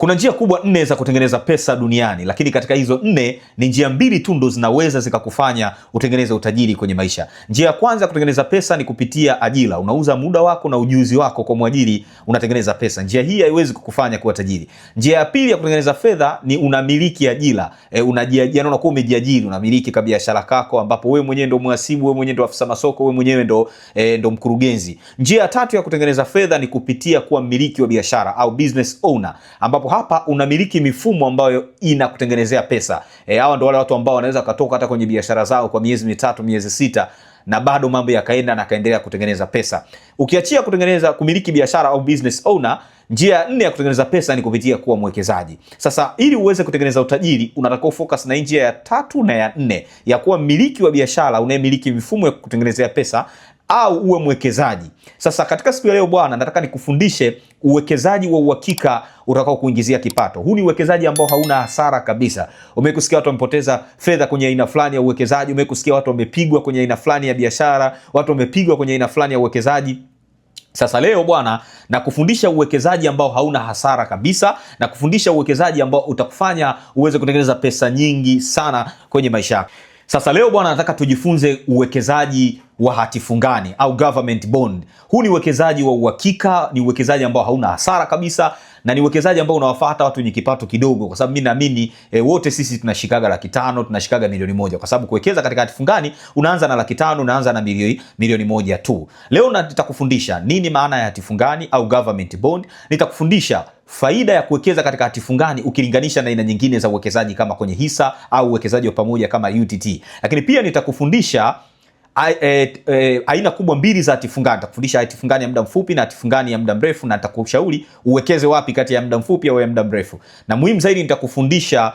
Kuna njia kubwa nne za kutengeneza pesa duniani, lakini katika hizo nne ni njia mbili tu ndo zinaweza zikakufanya utengeneze utajiri kwenye maisha. Njia ya kwanza ya kutengeneza pesa ni kupitia ajira. Unauza muda wako na ujuzi wako kwa mwajiri, unatengeneza pesa. Njia hii haiwezi kukufanya kuwa tajiri. Njia ya pili ya kutengeneza fedha ni unamiliki ajira. E, unajiajiri, yaani unakuwa umejiajiri, unamiliki kabiashara kako, ambapo wewe mwenyewe ndo mhasibu, wewe mwenyewe ndo afisa masoko, wewe mwenyewe ndo e, ndo mkurugenzi. Njia ya tatu ya kutengeneza fedha ni kupitia kuwa mmiliki wa biashara au business owner ambapo hapa unamiliki mifumo ambayo inakutengenezea pesa. Eh, hawa e, ndo wale watu ambao wanaweza katoka hata kwenye biashara zao kwa miezi mitatu, miezi sita na bado mambo yakaenda na kaendelea kutengeneza pesa. Ukiachia kutengeneza kumiliki biashara au business owner, njia ya nne ya kutengeneza pesa ni kupitia kuwa mwekezaji. Sasa ili uweze kutengeneza utajiri, unatakiwa ufocus na njia ya tatu na ya nne ya kuwa mmiliki wa biashara unayemiliki mifumo ya kutengenezea pesa au uwe mwekezaji. Sasa katika siku ya leo bwana, nataka nikufundishe uwekezaji wa uhakika utakao kuingizia kipato. Huu ni uwekezaji ambao hauna hasara kabisa. Umekusikia watu wamepoteza fedha kwenye aina fulani ya uwekezaji, umekusikia watu wamepigwa kwenye aina fulani ya biashara, watu wamepigwa kwenye aina fulani ya uwekezaji. Sasa leo bwana, na kufundisha uwekezaji ambao hauna hasara kabisa, na kufundisha uwekezaji ambao utakufanya uweze kutengeneza pesa nyingi sana kwenye maisha yako. Sasa leo bwana, nataka tujifunze uwekezaji wa hati fungani au government bond. Huu ni uwekezaji wa uhakika, ni uwekezaji ambao hauna hasara kabisa, na ni uwekezaji ambao unawafaa hata watu wenye kipato kidogo, kwa sababu mimi naamini e, wote sisi tunashikaga laki tano tunashikaga milioni moja, kwa sababu kuwekeza katika hati fungani unaanza na laki tano unaanza na milioni, milioni moja tu. Leo nitakufundisha nini maana ya hati fungani au government bond, nitakufundisha faida ya kuwekeza katika hatifungani ukilinganisha na aina nyingine za uwekezaji kama kwenye hisa au uwekezaji wa pamoja kama UTT. Lakini pia nitakufundisha e, e, aina kubwa mbili za hatifungani. Nitakufundisha hatifungani ya muda mfupi na hatifungani ya muda mrefu, na nitakushauri uwekeze wapi kati ya muda mfupi au ya muda mrefu, na muhimu zaidi nitakufundisha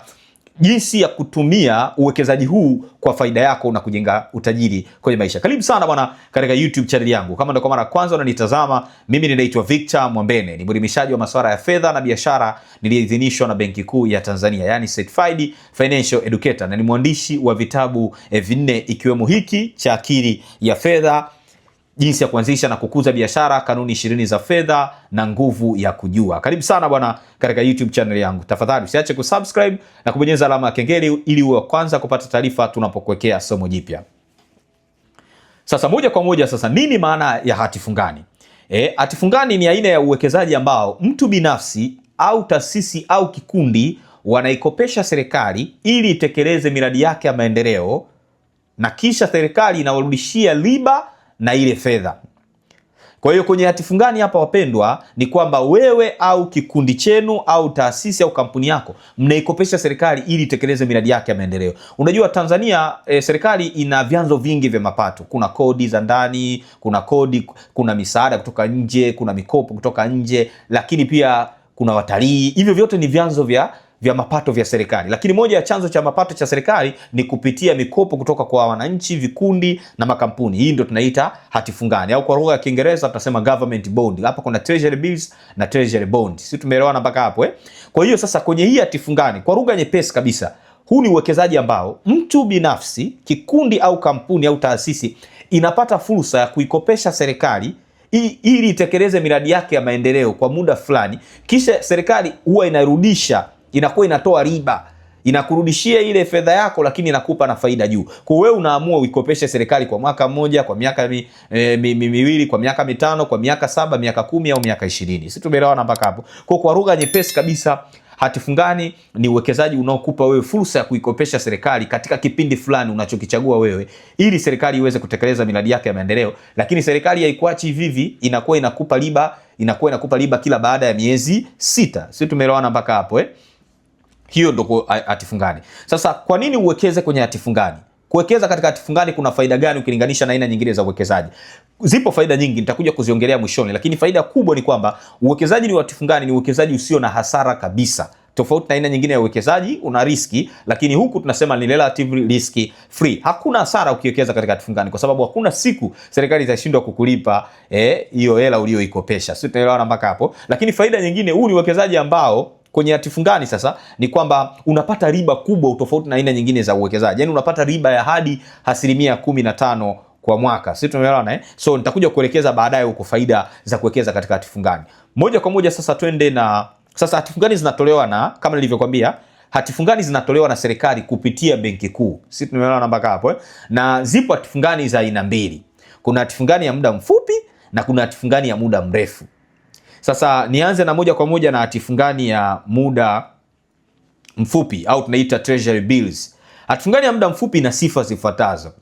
jinsi ya kutumia uwekezaji huu kwa faida yako na kujenga utajiri kwenye maisha. Karibu sana bwana katika YouTube channel yangu. Kama ndio kwa mara kwanza unanitazama, mimi ninaitwa Victor Mwambene, ni mwelimishaji wa masuala ya fedha na biashara niliyeidhinishwa na Benki Kuu ya Tanzania, yani certified financial educator, na ni mwandishi wa vitabu eh, vinne ikiwemo hiki cha Akili ya Fedha jinsi ya kuanzisha na kukuza biashara, kanuni ishirini za fedha na nguvu ya kujua. Karibu sana bwana katika YouTube channel yangu. Tafadhali usiache kusubscribe na kubonyeza alama ya kengele ili uwe kwanza kupata taarifa tunapokuwekea somo jipya. Sasa moja kwa moja, sasa nini maana ya hati fungani? E, hati fungani ni aina ya uwekezaji ambao mtu binafsi au taasisi au kikundi wanaikopesha serikali ili itekeleze miradi yake ya maendeleo na kisha serikali inawarudishia riba na ile fedha. Kwa hiyo kwenye hati fungani hapa, wapendwa, ni kwamba wewe au kikundi chenu au taasisi au kampuni yako mnaikopesha serikali ili itekeleze miradi yake ya maendeleo. Unajua Tanzania e, serikali ina vyanzo vingi vya mapato. Kuna kodi za ndani, kuna kodi, kuna misaada kutoka nje, kuna mikopo kutoka nje, lakini pia kuna watalii. Hivyo vyote ni vyanzo vya vya mapato vya serikali, lakini moja ya chanzo cha mapato cha serikali ni kupitia mikopo kutoka kwa wananchi, vikundi na makampuni. Hii ndio tunaita hati fungani au kwa lugha ya Kiingereza tunasema government bond. Hapa kuna treasury bills na treasury bond, Sisi tumeelewana mpaka hapo eh? Kwa hiyo sasa kwenye hii hati fungani, kwa lugha nyepesi kabisa, huu ni uwekezaji ambao mtu binafsi, kikundi au kampuni au taasisi inapata fursa ya kuikopesha serikali ili itekeleze miradi yake ya maendeleo kwa muda fulani, kisha serikali huwa inarudisha inakuwa inatoa riba inakurudishia ile fedha yako, lakini inakupa na faida juu. Kwa wewe unaamua uikopeshe serikali kwa mwaka mmoja, kwa miaka mi, e, mi, mi, miwili, kwa miaka mitano, kwa miaka saba, miaka kumi au miaka ishirini. Si tumeelewana mpaka hapo? Kwa kwa rugha nyepesi kabisa, hati fungani ni uwekezaji unaokupa wewe fursa ya kuikopesha serikali katika kipindi fulani unachokichagua wewe, ili serikali iweze kutekeleza miradi yake ya maendeleo. Lakini serikali haikuachi vivi, inakuwa inakupa riba, inakuwa inakupa riba kila baada ya miezi sita. Si tumeelewana mpaka hapo eh? Hiyo ndo hatifungani. Sasa kwa nini uwekeze kwenye hatifungani? Kuwekeza katika hatifungani kuna faida gani ukilinganisha na aina nyingine za uwekezaji? Zipo faida nyingi, nitakuja kuziongelea mwishoni, lakini faida kubwa ni kwamba uwekezaji ni hatifungani ni uwekezaji usio na hasara kabisa, tofauti na aina nyingine ya uwekezaji una riski, lakini huku tunasema ni relatively risk free. Hakuna hasara ukiwekeza katika hatifungani, kwa sababu hakuna siku serikali itashindwa kukulipa eh, hiyo eh, hela uliyoikopesha. Sisi tunaelewana mpaka hapo? Lakini faida nyingine, huu ni uwekezaji ambao kwenye hatifungani sasa ni kwamba unapata riba kubwa tofauti na aina nyingine za uwekezaji, yani unapata riba ya hadi asilimia kumi na tano kwa mwaka. si tumeelewana eh? So nitakuja kuelekeza baadaye huko faida za kuwekeza katika hatifungani moja kwa moja. Sasa twende na sasa, hatifungani zinatolewa na kama nilivyokwambia hatifungani zinatolewa na serikali kupitia benki kuu. si tumeelewana mpaka hapo eh? Na zipo hatifungani za aina mbili, kuna hatifungani ya muda mfupi na kuna hatifungani ya muda mrefu. Sasa nianze na moja kwa moja na hatifungani ya muda mfupi au tunaita treasury bills. Hatifungani ya muda mfupi ina sifa zifuatazo.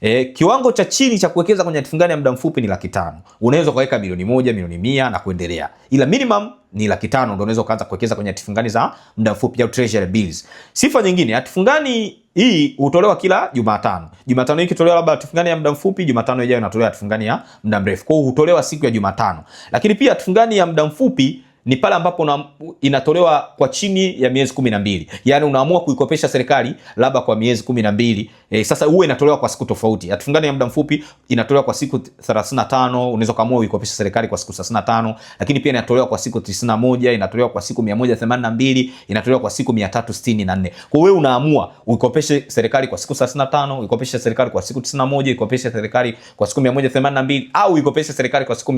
E, kiwango cha chini cha kuwekeza kwenye hatifungani ya muda mfupi ni laki tano. Unaweza kuweka milioni moja, milioni mia na kuendelea. Ila minimum ni laki tano ndio unaweza kuanza kuwekeza kwenye hatifungani za muda mfupi au treasury bills. Sifa nyingine hatifungani hii hutolewa kila Jumatano. Jumatano hii ikitolewa labda tufungani ya muda mfupi, Jumatano ijayo inatolewa tufungani ya muda mrefu. Kwa hiyo hutolewa siku ya Jumatano. Lakini pia tufungani ya muda mfupi ni pale ambapo una, inatolewa kwa chini ya miezi kumi na mbili yaani unaamua kuikopesha serikali labda kwa miezi kumi na mbili e, sasa huwa inatolewa kwa siku tofauti, hatufungani ya muda mfupi, inatolewa kwa siku 35. Unaweza kaamua uikopesha serikali kwa siku 35, lakini pia inatolewa kwa siku 91, inatolewa kwa siku 182, inatolewa kwa siku 364. Kwa hiyo unaamua uikopeshe serikali kwa siku 35, uikopeshe serikali kwa siku 91, uikopeshe serikali kwa siku 182 au uikopeshe serikali kwa siku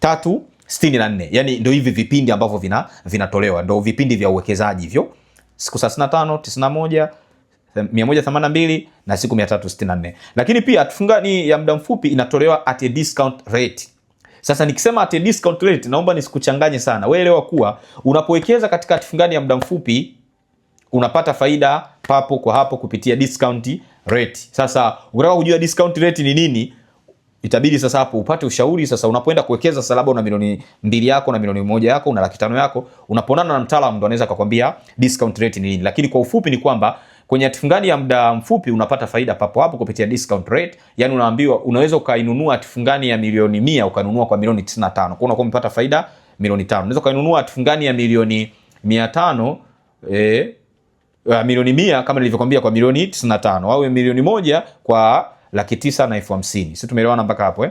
tatu sitini na nne. Yani ndo hivi vipindi ambavyo vina vinatolewa ndo vipindi vya uwekezaji hivyo, siku 35, 91, 182 na siku 364. Lakini pia tufungani ya muda mfupi inatolewa at a discount rate. Sasa nikisema at a discount rate, naomba nisikuchanganye sana. Wewe elewa kuwa unapowekeza katika hatifungani ya muda mfupi unapata faida papo kwa hapo kupitia discount rate. Sasa unataka kujua discount rate ni nini? itabidi sasa hapo upate ushauri sasa. Unapoenda kuwekeza sasa, labda una milioni mbili yako na milioni moja yako una laki tano yako, unaponana na mtaalamu ndo anaweza akakwambia discount rate ni nini, lakini kwa ufupi ni kwamba kwenye hatifungani ya muda mfupi unapata faida papo hapo kupitia discount rate. Yani unaambiwa unaweza ukainunua hatifungani ya milioni mia ukanunua kwa milioni 95, kwa unakuwa umepata faida milioni tano. Unaweza ukainunua hatifungani ya milioni mia tano eh, ah, milioni mia kama nilivyokwambia kwa milioni 95 au milioni moja kwa laki tisa na elfu hamsini. si tumeelewana mpaka hapo eh?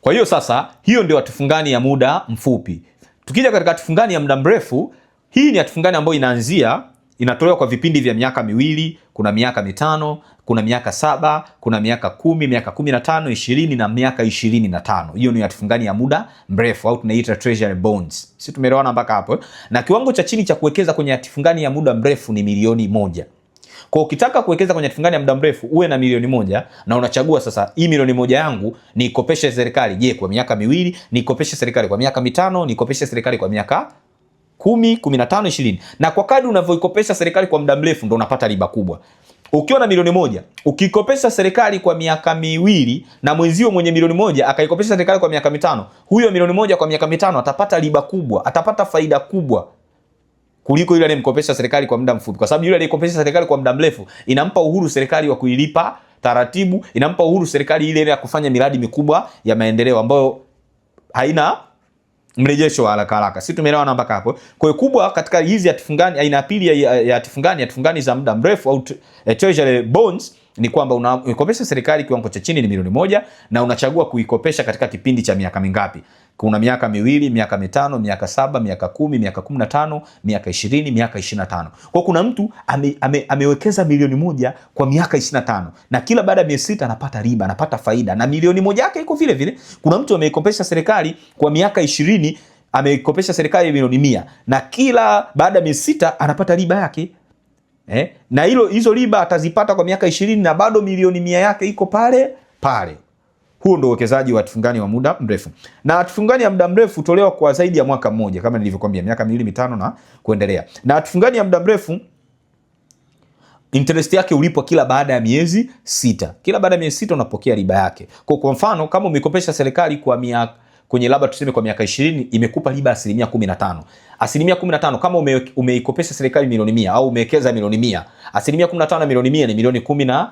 Kwa hiyo sasa hiyo ndio hatifungani ya muda mfupi. Tukija katika hatifungani ya muda mrefu, hii ni hatifungani ambayo inaanzia inatolewa kwa vipindi vya miaka miwili, kuna miaka mitano, kuna miaka saba, kuna miaka kumi, miaka kumi na tano, ishirini na miaka ishirini na tano. Hiyo ni hatifungani ya muda mrefu au tunaita treasury bonds. Sisi tumeelewana mpaka hapo. Eh? Na kiwango cha chini cha kuwekeza kwenye hatifungani ya muda mrefu ni milioni moja. Kwa ukitaka kuwekeza kwenye fungani ya muda mrefu uwe na milioni moja na unachagua sasa, hii milioni moja yangu nikopeshe serikali, je, kwa miaka miwili, nikopeshe serikali kwa miaka mitano, nikopeshe serikali kwa miaka kumi, kumi na tano, ishirini. Na kwa kadri unavyoikopesha serikali kwa muda mrefu ndo unapata riba kubwa. Ukiwa na milioni moja ukikopesha serikali kwa miaka miwili na mwenzio mwenye milioni moja akaikopesha serikali kwa miaka mitano, huyo milioni moja kwa miaka mitano atapata riba kubwa, atapata faida kubwa kuliko yule aliyemkopesha serikali kwa muda mfupi, kwa sababu yule aliyekopesha serikali kwa muda mrefu inampa uhuru serikali wa kuilipa taratibu, inampa uhuru serikali ile ile ya kufanya miradi mikubwa ya maendeleo ambayo haina mrejesho wa haraka haraka. Sisi tumeelewana mpaka hapo. Kwa hiyo kubwa katika hizi hatifungani, aina ya pili ya hatifungani, hatifungani za muda mrefu au eh, treasury bonds ni kwamba unaikopesha serikali kiwango cha chini ni milioni moja na unachagua kuikopesha katika kipindi cha miaka mingapi? Kuna miaka miwili, miaka mitano, miaka saba, miaka kumi, miaka kumi na tano, miaka ishirini, miaka ishirini na tano. Kwa kuna mtu ame, ame, amewekeza milioni moja kwa miaka ishirini na tano na kila baada ya miezi sita anapata riba, anapata faida na milioni moja yake iko vile vile. Kuna mtu ameikopesha serikali kwa miaka ishirini ameikopesha serikali milioni mia na kila baada ya miezi sita anapata riba yake eh? na hilo hizo riba atazipata kwa miaka ishirini na bado milioni mia yake iko pale pale. Huo ndo uwekezaji wa tufungani wa muda mrefu, na tufungani ya muda mrefu hutolewa kwa zaidi ya mwaka mmoja, kama nilivyokwambia, miaka miwili mitano na kuendelea, na tufungani ya muda mrefu interest yake ulipwa kila baada ya miezi sita. Kila baada ya miezi sita unapokea riba yake. Kwa kwa mfano kama umekopesha serikali kwa miaka kwenye labda tuseme kwa miaka 20 imekupa riba asilimia tano asilimia 15 kama ume, umeikopesha serikali milioni mia au umewekeza milioni mia, asilimia 15 ya milioni mia ni milioni 15.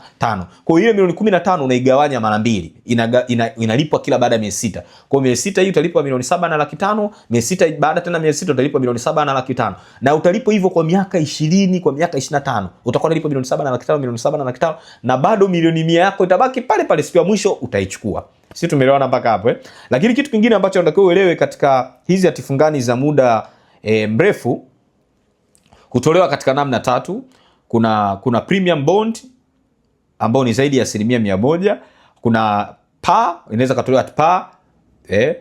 Kwa hiyo ile milioni 15 unaigawanya mara mbili, inalipwa ina, ina kila baada ya miezi sita. Kwa hiyo miezi sita hii utalipwa milioni saba na laki tano, miezi sita baada tena miezi sita utalipwa milioni saba na laki tano, na utalipwa hivyo kwa miaka 20, kwa miaka 25 utakuwa unalipwa milioni saba na laki tano, milioni saba na laki tano, na bado milioni mia yako itabaki pale pale, siku ya mwisho utaichukua. Sisi tumeelewana mpaka hapo eh? Lakini kitu kingine ambacho unatakiwa uelewe katika hizi hatifungani za muda e, mrefu hutolewa katika namna tatu. Kuna kuna premium bond ambao ni zaidi ya asilimia mia moja. Kuna pa inaweza katolewa pa eh,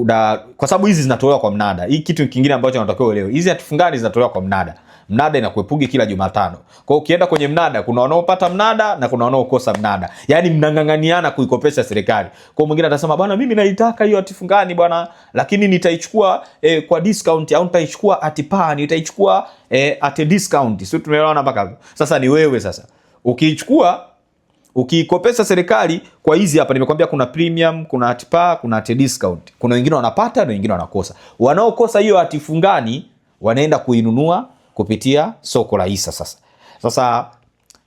una, kwa sababu hizi zinatolewa kwa mnada. Hii kitu kingine ambacho natakiwa uelewe, hizi hatifungani zinatolewa kwa mnada. Mnada inakuepuga kila Jumatano. Kwa hiyo ukienda kwenye mnada, kuna wanaopata mnada na kuna wanaokosa mnada, yaani mnang'ang'aniana kuikopesha serikali. Kwa hiyo mwingine atasema bwana, mimi naitaka hiyo fungani bwana, lakini nitaichukua eh, kwa discount au nitaichukua atipaa, nitaichukua eh, at discount. Sio, tumeelewana mpaka hapo? Sasa ni wewe sasa ukiichukua Ukiikopesha serikali kwa hizi hapa, nimekwambia kuna premium, kuna atpa, kuna at discount. Kuna wengine wanapata na wengine wanakosa. Wanaokosa hiyo hatifungani wanaenda kuinunua kupitia soko la hisa. Sasa sasa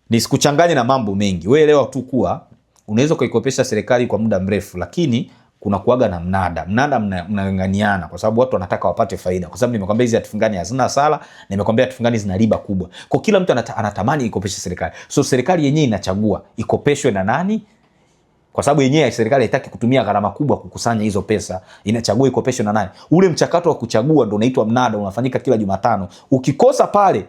nisikuchanganye na mambo mengi, wewe tu kuwa unaweza kuikopesha serikali kwa muda mrefu, lakini kuna kuaga na mnada. Mnada mnang'aniana mna, kwa sababu watu wanataka wapate faida, kwa sababu nimekwambia hizi hati hazina sala, nimekwambia hati zina riba kubwa, kwa kila mtu anata, anatamani ikopeshe serikali. So serikali yenyewe inachagua ikopeshwe na nani, kwa sababu yenyewe serikali haitaki kutumia gharama kubwa kukusanya hizo pesa, inachagua ikopeshwe na nani. Ule mchakato wa kuchagua ndio unaitwa mnada, unafanyika kila Jumatano. Ukikosa pale,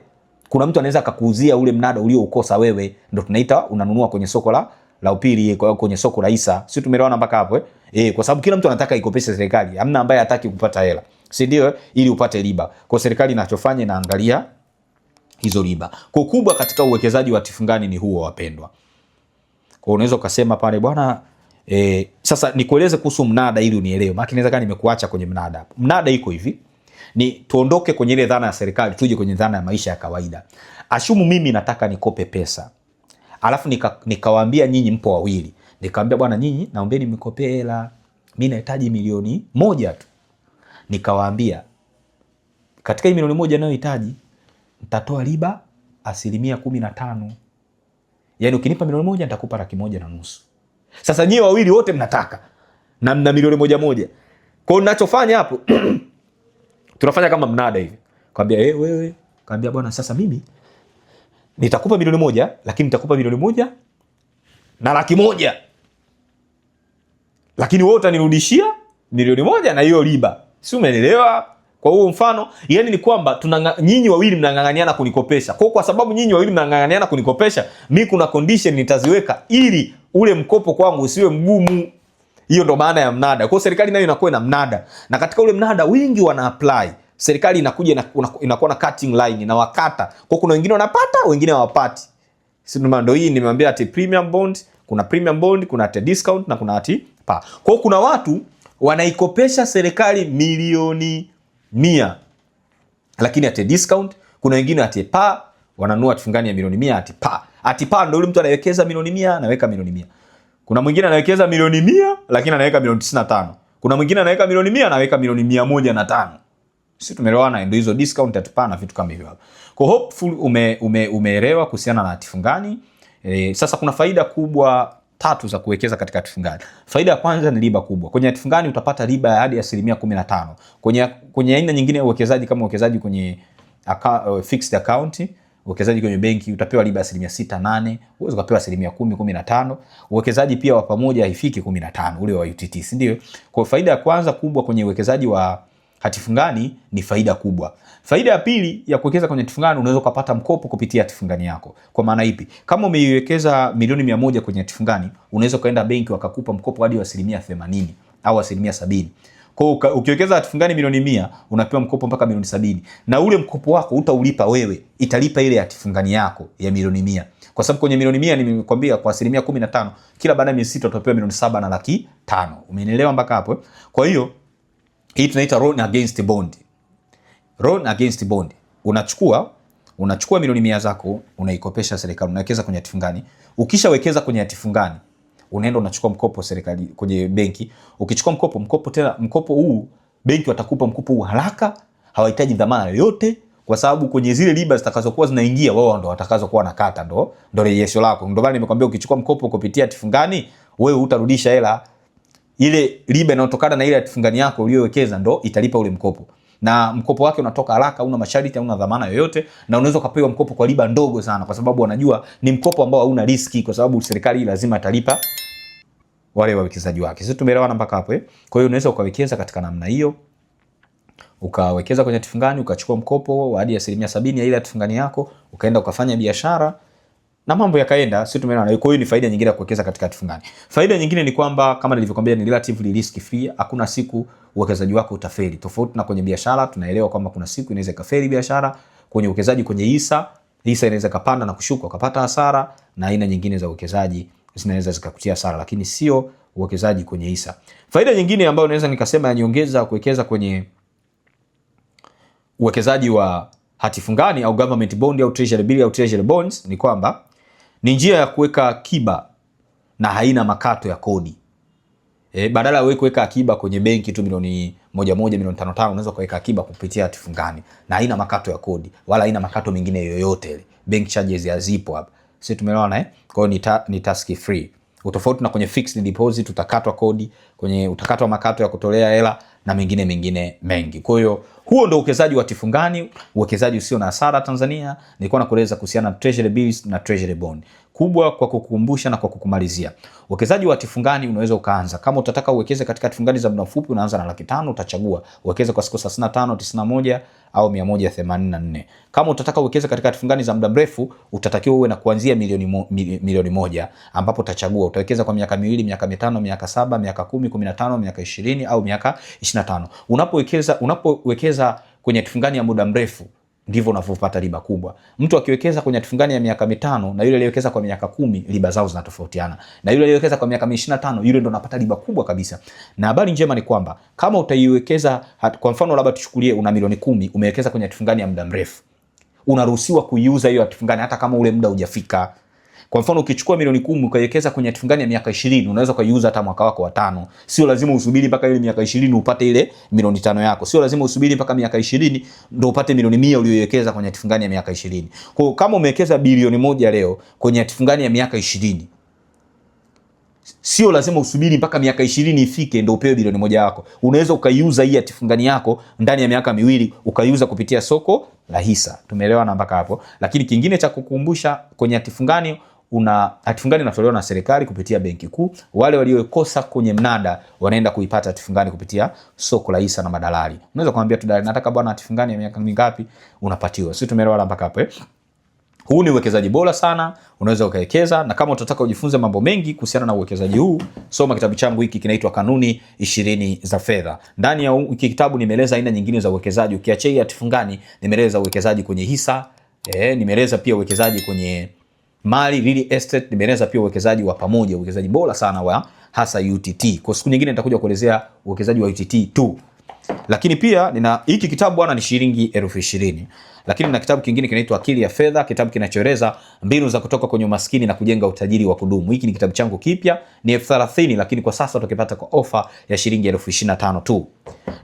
kuna mtu anaweza akakuuzia ule mnada ulioukosa wewe, ndio tunaita unanunua kwenye soko la la upili, kwenye soko la isa Sio, tumeelewana mpaka hapo eh? eh, kwa sababu kila mtu anataka ikopeshe serikali, hamna ambaye hataki kupata hela, si ndio? Ili upate riba. Kwa serikali inachofanya inaangalia hizo riba. Kwa kubwa katika uwekezaji wa tifungani ni huo, wapendwa. Kwa unaweza ukasema pale bwana E, sasa nikueleze kuhusu mnada ili unielewe, maana inaweza kani nimekuacha kwenye mnada hapo. Mnada iko hivi, ni tuondoke kwenye ile dhana ya serikali, tuje kwenye dhana ya maisha ya kawaida. Ashumu mimi nataka nikope pesa, alafu nikawaambia nika nyinyi mpo wawili, Nikamwambia bwana, nyinyi naombeni mnikopee hela, mimi nahitaji milioni moja tu. Nikawaambia katika hii milioni moja ninayohitaji nitatoa riba asilimia kumi na tano. yani ukinipa milioni moja nitakupa laki moja na nusu. Sasa nyie wawili wote mnataka na mna milioni moja moja. Kwa hiyo ninachofanya hapo tunafanya kama mnada hivi. Kaambia hey, eh, wewe, kaambia bwana, sasa mimi nitakupa milioni moja lakini nitakupa milioni moja na laki moja lakini wewe utanirudishia milioni moja na hiyo riba, si umeelewa? Kwa huo mfano, yani ni kwamba tuna nyinyi wawili mnang'ang'aniana kunikopesha. Kwa kwa sababu nyinyi wawili mnang'ang'aniana kunikopesha, mi kuna condition nitaziweka ili ule mkopo kwangu usiwe mgumu. Hiyo ndo maana ya mnada. Kwa serikali nayo inakuwa na mnada. Na katika ule mnada wengi wana apply. Serikali inakuja inakuwa na cutting line na wakata. Kwa kuna wengine wanapata, wengine hawapati. Ndo hii nimeambia ati premium bond, kuna premium bond, kuna ati discount na kuna ati pa. Kwa kuna watu wanaikopesha serikali milioni mia lakini ate discount. Kuna wengine ate pa wananua wananunua tufungani ya milioni mia ate pa ate pa, ndo par yule mtu anawekeza milioni mia anaweka milioni mia. Kuna mwingine anawekeza milioni mia lakini anaweka milioni tisini na tano. Kuna mwingine anaweka milioni mia anaweka milioni mia moja na tano. Sisi tumeelewana, ndo hizo discount at par na vitu kama hivyo. Kwa hopefully ume, ume, umeelewa kuhusiana na hatifungani. E, eh, sasa kuna faida kubwa tatu za kuwekeza katika hatifungani. Faida ya kwanza ni riba kubwa. Kwenye hatifungani utapata riba ya hadi asilimia kumi na tano. Kwenye kwenye aina nyingine ya uwekezaji kama uwekezaji kwenye account, eh, fixed account uwekezaji kwenye benki utapewa riba asilimia sita nane, uwezi ukapewa asilimia kumi kumi na tano. Uwekezaji pia wa pamoja haifiki kumi na tano ule wa UTT, si ndio? Kwa faida ya kwanza kubwa kwenye uwekezaji wa hatifungani ni faida kubwa. Faida ya pili ya kuwekeza kwenye hatifungani, unaweza ukapata mkopo kupitia hatifungani yako. Kwa maana ipi? Kama umeiwekeza milioni mia moja kwenye hatifungani, unaweza ukaenda benki wakakupa mkopo hadi wa asilimia themanini au asilimia sabini. Kwa hiyo ukiwekeza hatifungani milioni mia unapewa mkopo mpaka milioni sabini, na ule mkopo wako utaulipa wewe, italipa ile hatifungani yako ya milioni mia kwa sababu kwenye milioni mia nimekwambia kwa asilimia kumi na tano kila baada ya miezi sita utapewa milioni saba na laki tano. umeenelewa mpaka hapo? Eh? Kwa hiyo hii tunaita loan against bond. Loan against bond. Unachukua unachukua milioni mia zako unaikopesha serikali, unawekeza kwenye hatifungani. Ukishawekeza kwenye hatifungani unaenda unachukua mkopo serikali kwenye benki. Ukichukua mkopo mkopo tena mkopo huu benki watakupa mkopo huu haraka, hawahitaji dhamana yoyote kwa sababu kwenye zile riba zitakazokuwa zinaingia wao ndo watakazokuwa nakata, ndo ndo rejesho lako. Ndo maana nimekwambia ukichukua mkopo kupitia hatifungani wewe utarudisha hela ile riba inayotokana na ile hatifungani yako uliyowekeza ndo italipa ule mkopo na mkopo wake unatoka haraka, una masharti, hauna dhamana yoyote, na unaweza ukapewa mkopo kwa riba ndogo sana, kwa sababu wanajua ni mkopo ambao hauna riski, kwa sababu serikali lazima italipa wale wawekezaji wake. Sisi tumeelewana mpaka hapo eh? Kwa hiyo unaweza ukawekeza katika namna hiyo, ukawekeza kwenye hatifungani, ukachukua mkopo wa hadi asilimia sabini ya ile hatifungani yako, ukaenda ukafanya biashara na mambo yakaenda, si tumeona Kwa hiyo ni faida nyingine ya kuwekeza katika hati fungani. Faida nyingine ni kwamba kama nilivyokuambia, ni relatively risk free. Hakuna siku uwekezaji wako utafeli, tofauti na kwenye biashara. Tunaelewa kwamba kuna siku inaweza ikafeli biashara. Kwenye uwekezaji kwenye hisa, hisa inaweza ikapanda na kushuka, ukapata hasara, na aina nyingine za uwekezaji zinaweza zikakutia hasara, lakini sio uwekezaji kwenye hisa. Faida nyingine ambayo naweza nikasema ya nyongeza kuwekeza kwenye uwekezaji wa hati fungani au government bond au treasury bill au treasury bonds ni kwamba ni njia ya kuweka akiba na haina makato ya kodi. E, badala ya wewe kuweka akiba kwenye benki tu milioni moja moja milioni tano tano unaweza kuweka akiba kupitia hatifungani na haina makato ya kodi wala haina makato mengine yoyote ile. Bank charges hazipo hapa. Sisi tumeona eh? Kwa hiyo ni, ta, ni tax free. Utofauti na kwenye fixed deposit utakatwa kodi, kwenye utakatwa makato ya kutolea hela na mengine mengine mengi. Kwa hiyo huo ndo uwekezaji wa tifungani, uwekezaji usio na hasara Tanzania. Nilikuwa nakueleza kuhusiana na treasury bills na treasury bond kubwa kwa kukumbusha na kwa kukumalizia. Uwekezaji wa hatifungani unaweza ukaanza. Kama utataka uwekeze katika hatifungani za muda mfupi unaanza na laki tano, utachagua uwekeze kwa siku 35, 91 au 184. Kama utataka uwekeze katika hatifungani za muda mrefu utatakiwa uwe na kuanzia milioni, mo, milioni moja ambapo utachagua utawekeza kwa miaka miwili, miaka mitano, miaka saba, miaka kumi, 15, miaka ishirini au miaka 25. Unapowekeza unapowekeza kwenye hatifungani ya muda mrefu ndivyo unavyopata riba kubwa. Mtu akiwekeza kwenye hatifungani ya miaka mitano na yule aliyewekeza kwa miaka kumi, riba zao zinatofautiana, na yule aliyewekeza kwa miaka ishirini na tano yule ndo anapata riba kubwa kabisa. Na habari njema ni kwamba kama utaiwekeza, kwa mfano labda tuchukulie una milioni kumi umewekeza kwenye hatifungani ya muda mrefu, unaruhusiwa kuiuza hiyo hatifungani hata kama ule muda hujafika. Kwa mfano ukichukua milioni kumi ukaiwekeza kwenye hati fungani ya miaka ishirini unaweza ukaiuza hata mwaka wako wa tano. Sio lazima usubiri mpaka ile miaka ishirini upate ile milioni tano yako. Sio lazima usubiri mpaka miaka ishirini ndo upate milioni mia uliyoiwekeza kwenye hati fungani ya miaka ishirini. Kwa hiyo kama umewekeza bilioni moja leo kwenye hati fungani ya miaka ishirini Sio lazima usubiri mpaka miaka ishirini ifike ndo upewe bilioni moja yako. Unaweza ukaiuza hii hati fungani yako ndani ya miaka miwili, ukaiuza kupitia soko la hisa. Tumeelewana mpaka hapo? Lakini kingine cha kukumbusha kwenye hati fungani, kuna hatifungani inatolewa na serikali kupitia benki kuu. Wale waliokosa kwenye mnada wanaenda kuipata hatifungani kupitia soko la hisa na madalali. Unaweza kumwambia tu dalali, nataka bwana hatifungani ya miaka mingapi? Unapatiwa. Sisi tumeelewana mpaka hapo eh? Huu ni uwekezaji bora sana, unaweza ukawekeza. Na kama utataka ujifunze mambo mengi kuhusiana na uwekezaji huu, soma kitabu changu hiki, kinaitwa Kanuni ishirini za Fedha. Ndani ya hiki kitabu nimeeleza aina nyingine za uwekezaji, ukiachia hatifungani nimeeleza uwekezaji kwenye hisa eh, nimeeleza pia uwekezaji kwenye mali real estate, nimeeleza pia uwekezaji wa pamoja, uwekezaji bora sana wa hasa UTT. Kwa siku nyingine nitakuja kuelezea uwekezaji wa UTT tu. Lakini pia nina hiki kitabu bwana, ni shilingi elfu ishirini. Lakini na kitabu kingine kinaitwa Akili ya Fedha, kitabu kinachoeleza mbinu za kutoka kwenye umaskini na kujenga utajiri wa kudumu. Hiki ni kitabu changu kipya, ni elfu thelathini, lakini kwa sasa tukipata kwa ofa ya shilingi elfu ishirini na tano tu.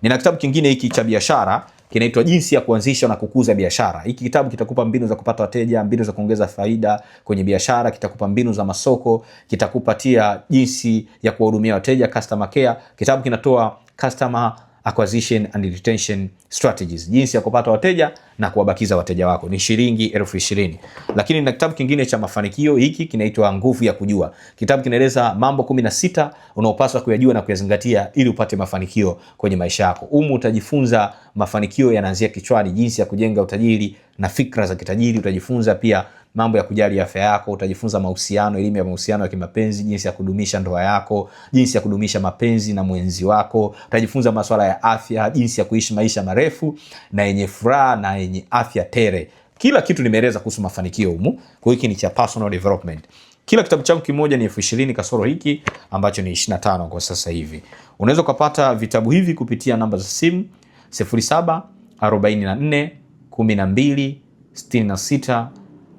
Nina kitabu kingine hiki cha biashara kinaitwa jinsi ya kuanzisha na kukuza biashara. Hiki kitabu kitakupa mbinu za kupata wateja, mbinu za kuongeza faida kwenye biashara, kitakupa mbinu za masoko, kitakupatia jinsi ya kuwahudumia wateja, customer care. Kitabu kinatoa customer acquisition and retention strategies, jinsi ya kupata wateja na kuwabakiza wateja wako, ni shilingi elfu ishirini. Lakini na kitabu kingine cha mafanikio hiki kinaitwa Nguvu ya Kujua. Kitabu kinaeleza mambo kumi na sita unaopaswa kuyajua na kuyazingatia ili upate mafanikio kwenye maisha yako. Humu utajifunza mafanikio yanaanzia kichwani, jinsi ya kujenga utajiri na fikra za kitajiri. Utajifunza pia mambo ya kujali afya yako, utajifunza mahusiano, elimu ya mahusiano ya kimapenzi, jinsi ya kudumisha ndoa yako, jinsi ya kudumisha mapenzi na mwenzi wako, utajifunza masuala ya afya, jinsi ya kuishi maisha marefu na yenye furaha na yenye afya tele. Kila kitu nimeeleza kuhusu mafanikio humu, kwa hiki ni cha personal development. Kila kitabu changu kimoja ni elfu ishirini kasoro hiki ambacho ni 25 kwa sasa hivi. Unaweza ukapata vitabu hivi kupitia namba za simu 0744 12 66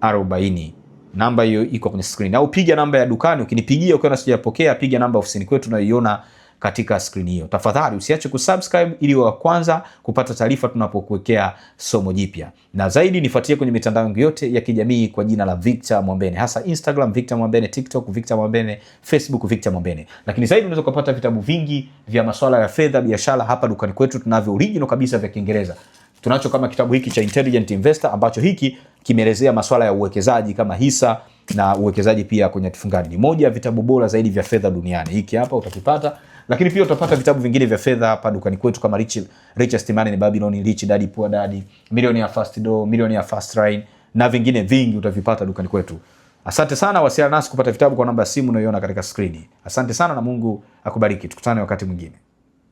arobaini. Namba hiyo iko kwenye screen, au piga namba ya dukani. Ukinipigia ukiona sijapokea, piga namba ofisini kwetu tunayoiona katika skrini hiyo. Tafadhali usiache kusubscribe ili wa kwanza kupata taarifa tunapokuwekea somo jipya, na zaidi nifuatie kwenye mitandao yangu yote ya kijamii kwa jina la Victor Mwambene, hasa Instagram Victor Mwambene, TikTok Victor Mwambene, Facebook Victor Mwambene. Lakini zaidi unaweza kupata vitabu vingi vya masuala ya fedha, biashara hapa dukani kwetu tunavyo original kabisa vya Kiingereza tunacho kama kitabu hiki cha Intelligent Investor ambacho hiki kimeelezea masuala ya uwekezaji kama hisa na uwekezaji pia kwenye hatifungani. Ni moja ya vitabu bora zaidi vya fedha duniani. Hiki hapa utakipata, lakini pia utapata vitabu vingine vya fedha hapa dukani kwetu kama Rich Richest Man in Babylon, Rich Dad Poor Dad, Millionaire Fast Door, Millionaire Fast Lane na vingine vingi utavipata dukani kwetu. Asante sana, wasiliana nasi kupata vitabu kwa namba ya simu unayoiona katika skrini. Asante sana na Mungu akubariki. Tukutane wakati mwingine.